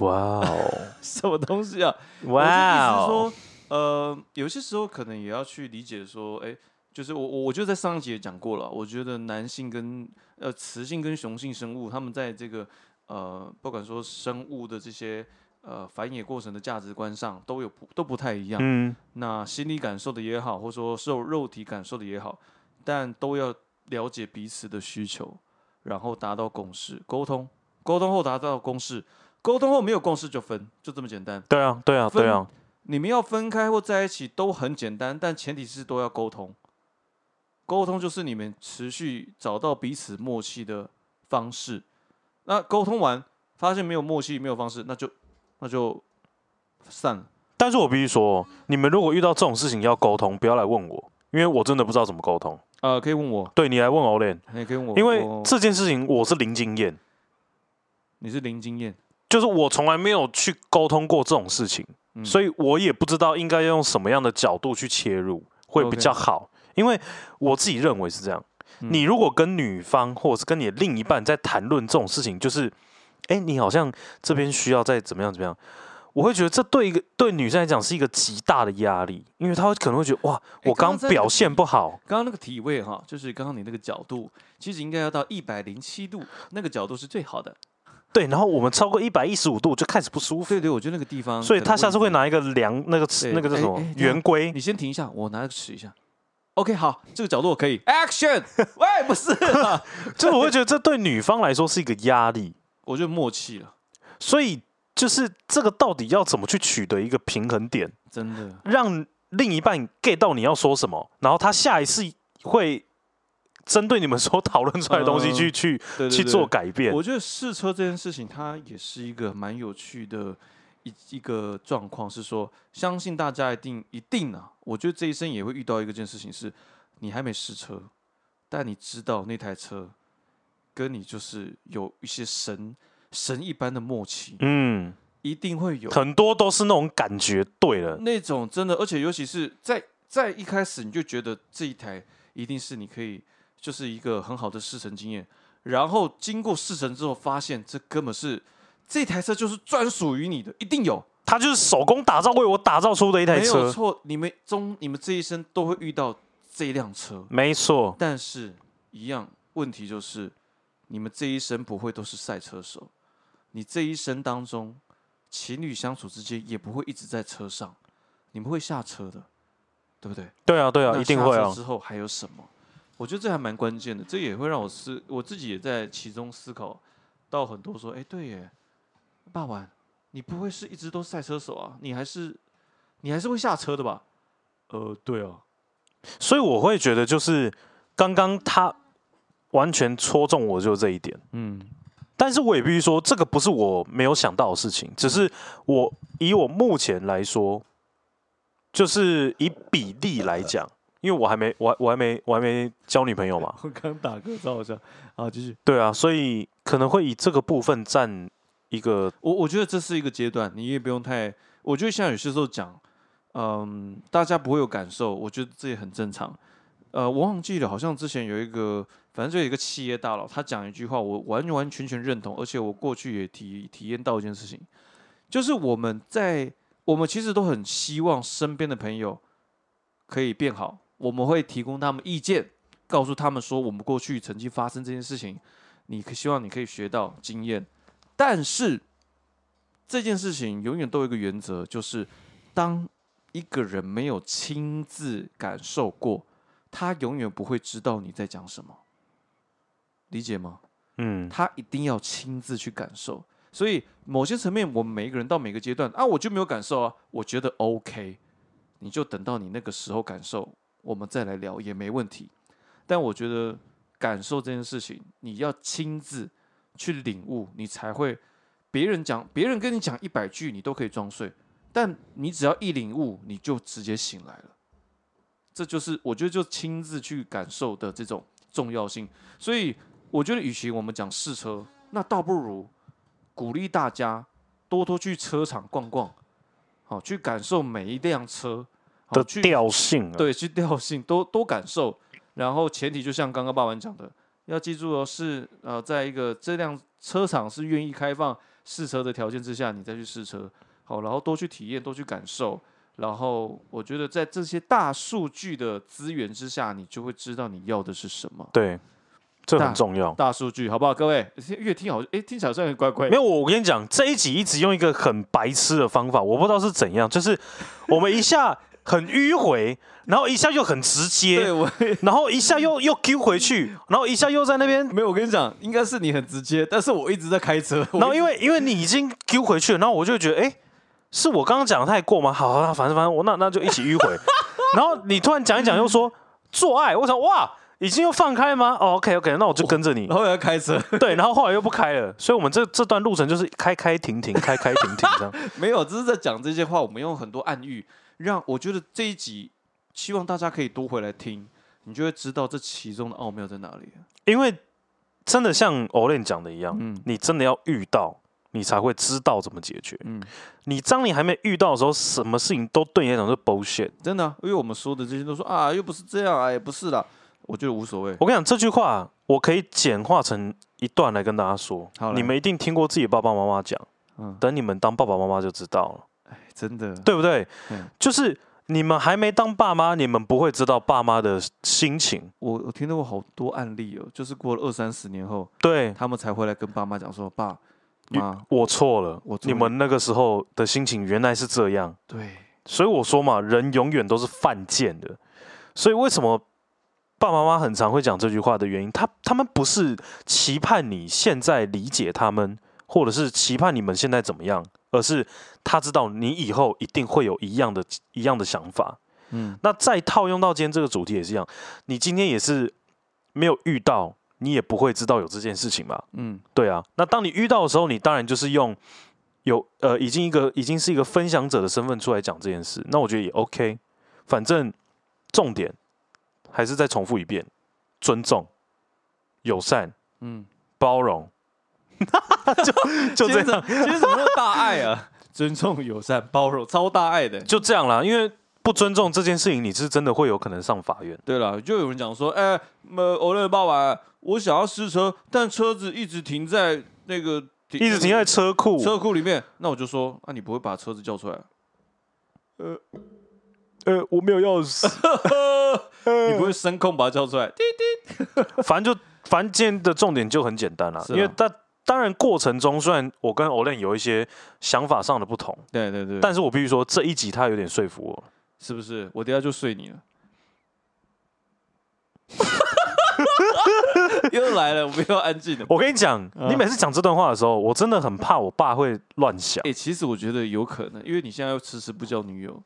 哇哦，什麼東西啊？哇哦，是說呃，有些時候可能也要去理解說，誒、欸，就是我我我就在上一集也講過了，我覺得男性跟呃雌性跟雄性生物，他們在這個呃，不管說生物的這些呃繁衍過程的價值觀上都，都有都不太一樣。嗯，那心理感受的也好，或者說受肉體感受的也好，但都要了解彼此的需求。然後達到共識，溝通，溝通後達到共識，溝通後沒有共識就分，就這麼簡單。對啊，對啊，分，對啊，你們要分開或在一起都很簡單，但前提是都要溝通。溝通就是你們持續找到彼此默契的方式。那溝通完發現沒有默契，沒有方式，那就那就散了。但是我必須說，你們如果遇到這種事情，要溝通，不要來問我，因為我真的不知道怎麼溝通。呃，可以問我，對你來問我、欸、可以問我，因為這件事情我是零經驗，你是零經驗，就是我從來沒有去溝通過這種事情，嗯、所以我也不知道應該用什麼樣的角度去切入會比較好，Okay 因為我自己認為是這樣，嗯、你如果跟女方或者是跟你另一半在談論這種事情，就是，欸、你好像這邊需要再怎麼樣怎麼樣。我會覺得這對一個對女生來講是一個極大的壓力，因為她可能會覺得哇，我剛表現不好。剛剛那個體位哈，就是剛剛你那個角度，其實應該要到一百零七度，那個角度是最好的。對，然後我們超過一百一十五度就開始不舒服。對對，我覺得那個地方。所以她下次會拿一個量那個尺那個叫什麼圓規？你先停一下，我拿個尺一下。OK，好，這個角度我可以。Action，喂，不是，就我會覺得這對女方來說是一個壓力。我覺得默契了，所以。就是這個到底要怎麼去取得一個平衡點？真的讓另一半 get 到你要說什麼，然後他下一次會針對你們所討論出來的東西去去去做改變。真的 我覺得試車這件事情，它也是一個蠻有趣的，一一個狀況是說，相信大家一定一定啊，我覺得這一生也會遇到一個一件事情是，你還沒試車，但你知道那台車跟你就是有一些神。神一般的默契，嗯，一定會有很多都是那種感覺，對了，那種真的，而且尤其是在在一開始你就覺得這一台一定是你可以就是一個很好的試乘經驗，然後經過試乘之後發現這根本是這台車就是專屬於你的，一定有，它就是手工打造為我打造出的一台車，沒有錯，你們中你們這一生都會遇到這輛車，沒錯，但是一樣問題就是你們這一生不會都是賽車手。你這一生當中，情侶相處之間也不會一直在車上，你們會下車的，對不對？對啊，對啊，對啊，一定會啊。下車之後還有什麼？啊、我覺得這還蠻關鍵的，這也會讓我思，我自己也在其中思考到很多。說，哎、欸，對耶，爸爸，你不會是一直都賽車手啊？你還是你還是會下車的吧？呃，對啊。所以我會覺得，就是剛剛他完全戳中我就這一點。嗯。但是我也必須說，這個不是我沒有想到的事情，只是我以我目前來說，就是以比例來講，因為我還沒我我還沒我還沒，我還沒交女朋友嘛。我剛打個嗝，好像啊，繼續。對啊，所以可能會以這個部分占一個，我我覺得這是一個階段，你也不用太。我覺得像有些時候講，嗯、呃，大家不會有感受，我覺得這也很正常。呃，我忘記了，好像之前有一個。反正就有一個企業大佬，他講一句話，我完完全全認同，而且我過去也體體驗到一件事情，就是我們在我們其實都很希望身邊的朋友可以變好，我們會提供他們意見，告訴他們說，我們過去曾經發生這件事情，你可希望你可以學到經驗，但是這件事情永遠都有一個原則，就是當一個人沒有親自感受過，他永遠不會知道你在講什麼。理解嗎？嗯，他一定要親自去感受，所以某些層面，我們每一個人到每個階段啊，我就沒有感受啊，我覺得 OK，你就等到你那個時候感受，我們再來聊也沒問題。但我覺得感受這件事情，你要親自去領悟，你才會別人講，別人跟你講一百句，你都可以裝睡，但你只要一領悟，你就直接醒來了。這就是我覺得就親自去感受的這種重要性，所以。我覺得，與其我們講試車，那倒不如鼓勵大家多多去車廠逛逛，好去感受每一輛車的調性，對，去調性，多多感受。然後，前提就像剛剛爸爸講的，要記住哦，是，呃，在一個這輛車廠是願意開放試車的條件之下，你再去試車，好，然後多去體驗，多去感受。然後，我覺得在這些大數據的資源之下，你就會知道你要的是什麼。對。這很重要，大，大數據，好不好？各位，越聽好，哎、欸，聽起來好像很乖乖。沒有，我跟你講，這一集一直用一個很白痴的方法，我不知道是怎樣，就是我們一下很迂回，然後一下又很直接，對，我，然後一下又又 Q 回去，然後一下又在那邊。沒有，我跟你講，應該是你很直接，但是我一直在開車。然後因為因為你已經 Q 回去了，然後我就覺得，哎、欸，是我剛剛講的太過嗎？好好，反正反正，我那那就一起迂回。 *laughs* 然後你突然講一講，又說做愛，我想哇。已經又放開了嗎？Oh，OK OK，那我就跟着你。Oh, 然後要開車， *laughs* 對，然後後來又不開了，所以，我們這這段路程就是開開停停，開開停停這樣。 *laughs* 沒有，只是在講這些話。我們用很多暗喻，讓我覺得這一集，希望大家可以多回來聽，你就會知道這其中的奧妙在哪裡。因為真的像 Olin 講的一樣，嗯，你真的要遇到，你才會知道怎麼解決。嗯，你當你還沒遇到的時候，什麼事情都對你來講就是 bullshit。真的啊，因為我們說的這些都說啊，又不是這樣啊，也不是的。我覺得無所謂。我跟你講這句話，我可以簡化成一段來跟大家說：啦你們一定聽過自己爸爸媽媽講，嗯、等你們當爸爸媽媽就知道了。哎、真的，對不對？嗯、就是你們還沒當爸媽，你們不會知道爸媽的心情。我我聽到過好多案例哦，就是過了二三十年後，對他們才回來跟爸媽講說：“爸媽、呃，我錯了，我你們那個時候的心情原來是這樣。”對，所以我說嘛，人永遠都是犯賤的。所以為什麼？爸爸媽媽很常會講這句話的原因，他他們不是期盼你現在理解他們，或者是期盼你們現在怎麼樣，而是他知道你以後一定會有一樣的、一樣的想法。嗯，那再套用到今天這個主題也是一樣，你今天也是沒有遇到，你也不會知道有這件事情吧？嗯，對啊。那當你遇到的時候，你當然就是用有呃，已經一個已經是一個分享者的身份出來講這件事，那我覺得也 OK，反正重點。還是再重複一遍：尊重、友善、嗯、包容， *laughs* 就就這樣。其實怎麼叫大愛啊？ *laughs* 尊重、友善、包容，超大愛的，就這樣啦，因為不尊重這件事情，你是真的會有可能上法院。對啦，就有人講說，哎、欸，某偶然爸，爸我想要試車，但車子一直停在那個，一直停在車庫車庫裡面。那我就說，那、啊、你不會把車子叫出來？呃呃、欸，我沒有鑰匙。 *laughs* 你不會聲控把它叫出來？叮叮，反正就今天的重點就很簡單啦，啊、因為他當然過程中雖然我跟 Owen 有一些想法上的不同，對對對，但是我必須說這一集他有點說服我，是不是？我等下就睡你了， *laughs* 又來了，我們又安靜了，我跟你講，你每次講這段話的時候，我真的很怕我爸會亂想。哎、欸，其實我覺得有可能，因為你現在又遲遲不交女友。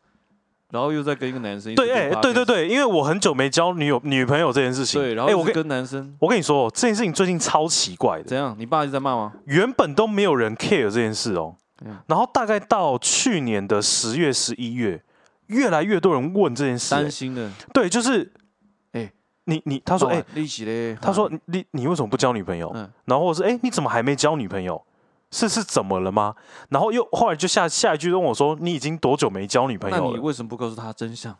然後又在跟一個男生對，哎，對對對，因為我很久沒交女友、女朋友這件事情。對，然後我跟男生，我跟你說，這件事情最近超奇怪的。怎樣？你爸一直在罵嗎？原本都沒有人 care 這件事哦。嗯。然後大概到去年的十月、十一月，越來越多人問這件事。擔心的。對，就是，哎，你你，他說哎，他說你你為什麼不交女朋友？嗯，然後我說哎，你怎麼還沒交女朋友？是是怎麼了嗎？然後又後來就下下一句問我說：“你已經多久沒交女朋友了？”那你為什麼不告訴他真相？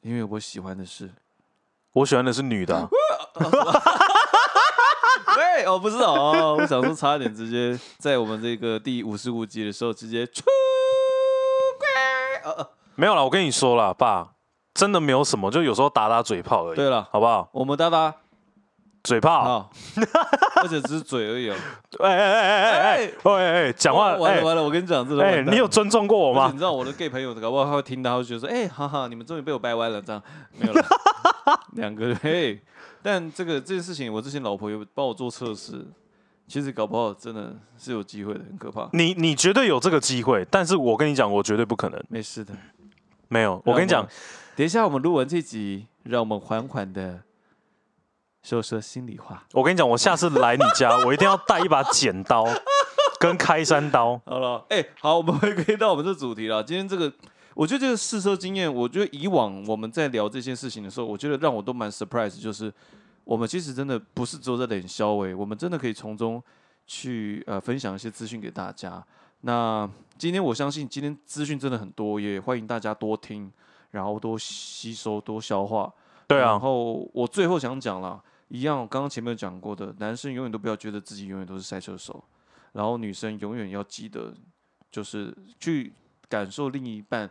因為我喜歡的是我喜歡的是女的、啊啊。啊、 *laughs* *laughs* 對我、哦、不知道、哦， *laughs* 我想說，差點直接在我們這個第五十五集的時候直接 *laughs* 出軌。啊、沒有了，我跟你說了，爸，真的沒有什麼，就有時候打打嘴炮而已。對了啦，好不好？我們打打。嘴炮、哦， *laughs* 而且只是嘴而已，哦。哎哎哎哎哎哎！哎哎、欸欸欸，講話、哦、完了完了！欸、我跟你講這個，哎，你有尊重過我嗎？你知道我的 gay 朋友搞不好他會聽到，他會覺得說，哎、欸，哈哈，你們終於被我掰彎了，這樣沒有了。兩 *laughs* 個人，哎、欸，但這個這件事情，我之前老婆又幫我做測試，其實搞不好真的是有機會的，很可怕。你你絕對有這個機會，但是我跟你講，我絕對不可能。沒事的，嗯、沒有。讓 我跟你講，等一下我們錄完這集，讓我們緩緩的。說說心裡話，我跟你講，我下次來你家， *laughs* 我一定要帶一把剪刀跟開山刀。 *laughs* 好了，哎、欸，好，我們回歸到我們的主題了。今天這個，我覺得這個試車經驗，我覺得以往我們在聊這些事情的時候，我覺得讓我都蠻 surprise，就是我們其實真的不是只有在練肖話，我們真的可以從中去呃分享一些資訊給大家。那今天我相信今天資訊真的很多，也歡迎大家多聽，然後多吸收，多消化。對、啊，然後我最後想講了，一樣，我剛剛前面講過的，男生永遠都不要覺得自己永遠都是賽車手，然後女生永遠要記得，就是去感受另一半，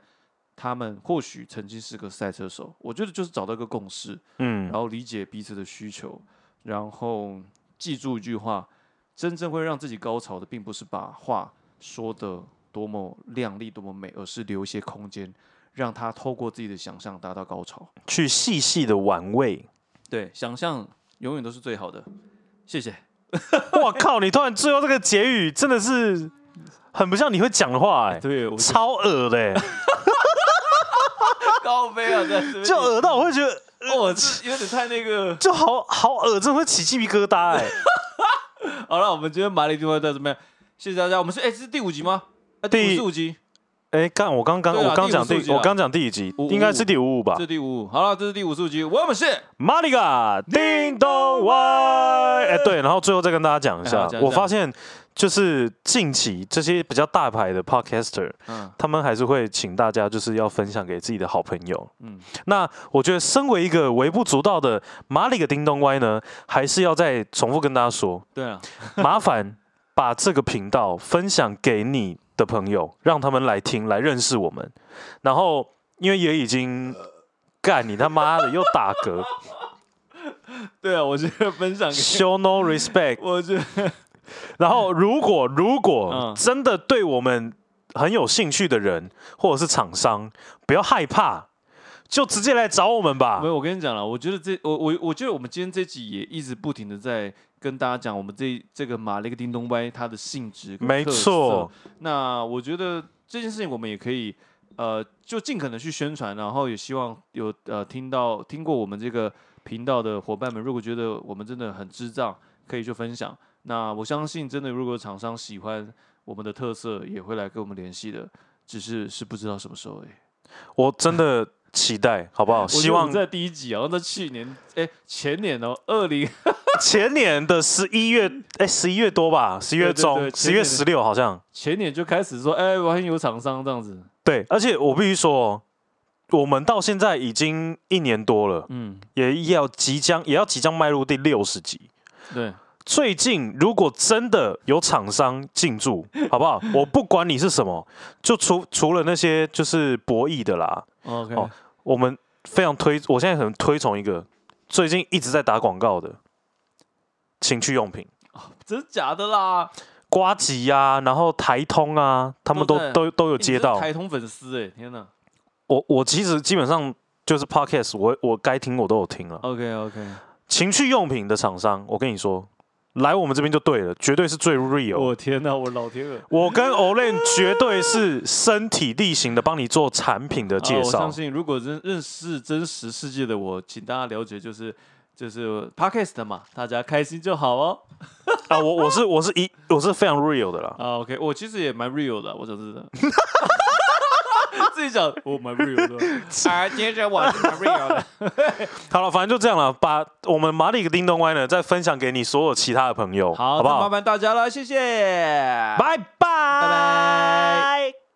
他們或許曾經是個賽車手，我覺得就是找到一個共識，嗯，然後理解彼此的需求，然後記住一句話，真正會讓自己高潮的，並不是把話說得多麼亮麗多麼美，而是留一些空間。讓他透過自己的想象達到高潮，去細細的玩味。對，想象永遠都是最好的。謝謝。我 *laughs* 靠，你突然最後這個結語真的是很不像你會講的話哎、欸，對，我超惡的。高飛啊，這，就惡到我會覺得哦這有點太那個， *laughs* 就好好惡，真的會起雞皮疙瘩哎、欸。 *laughs* 好了，我們今天馬里蒂會再怎麼樣？謝謝大家，我們是哎、欸、是第五集嗎？啊，第五十五集。哎，剛我剛剛，啊、我剛講第，第啊、我剛，剛講第幾集，五五應該是第五五吧？是第五五。好了，這是第五十五集，我們是瑪里個叮咚歪。哎，對，然後最後再跟大家講一下，哎、我發現就是近期這些比較大牌的 podcaster，、嗯、他們還是會請大家就是要分享給自己的好朋友。嗯，那我覺得身為一個微不足道的瑪里個叮咚歪呢，還是要再重複跟大家說，對啊， *laughs* 麻煩把這個頻道分享給你。的朋友，讓他們來聽，來認識我們。然後，因為也已經、呃、幹，你他媽的 *laughs* 又打嗝。對啊，我覺得分享給。Show no respect 我。我覺得。然後，如果如果真的對我們很有興趣的人，嗯、或者是廠商，不要害怕。就直接來找我們吧。沒有，我跟你講了，我覺得這我我我覺得我們今天這集也一直不停的在跟大家講我們這這個馬勒克叮咚 Y 它的性質沒錯。那我覺得這件事情我們也可以呃就盡可能去宣傳，然後也希望有呃聽到聽過我們這個頻道的夥伴們，如果覺得我們真的很智障，可以去分享。那我相信真的，如果廠商喜歡我們的特色，也會來跟我們聯繫的，只是是不知道什麼時候而已。我真的、嗯。期待好不好？希望在第一集哦，在去年哎，前年哦，二零前年的十一月哎，十一月多吧，十一月中，十月十六好像。前年就開始說哎，我很有廠商這樣子。對，而且我必須說，我們到現在已經一年多了，嗯，也要即將也要即將邁入第六十集。對，最近如果真的有廠商進駐，好不好？ *laughs* 我不管你是什麼，就除除了那些就是博弈的啦。Oh, OK，我們非常推，我現在很推崇一個最近一直在打廣告的情趣用品，哦，真的假的啦？呱吉呀、啊，然後台通啊，他們都、oh, yeah. 都都有接到，欸、台通粉絲誒、欸，天哪！我我其實基本上就是 podcast，我我該聽我都有聽了。OK OK，情趣用品的廠商，我跟你說。來我們這邊就對了，絕對是最 real。我、哦、天吶，我老天， *laughs* 我跟 Olen 絕對是身體力行的幫你做產品的介紹。啊、我相信，如果認認識真實世界的我，請大家了解、就是，就是就是 podcast 嘛，大家開心就好哦。 *laughs* 啊，我我是我是一我，我是非常 real 的啦。啊，OK，我其實也蠻 real 的，我就是。 *laughs* 自己哦、oh,，My real，來好了，反正就這樣了，把我們馬里克叮咚歪呢再分享給你所有其他的朋友，好，好不好？麻煩大家了，謝謝，拜拜 bye，拜拜。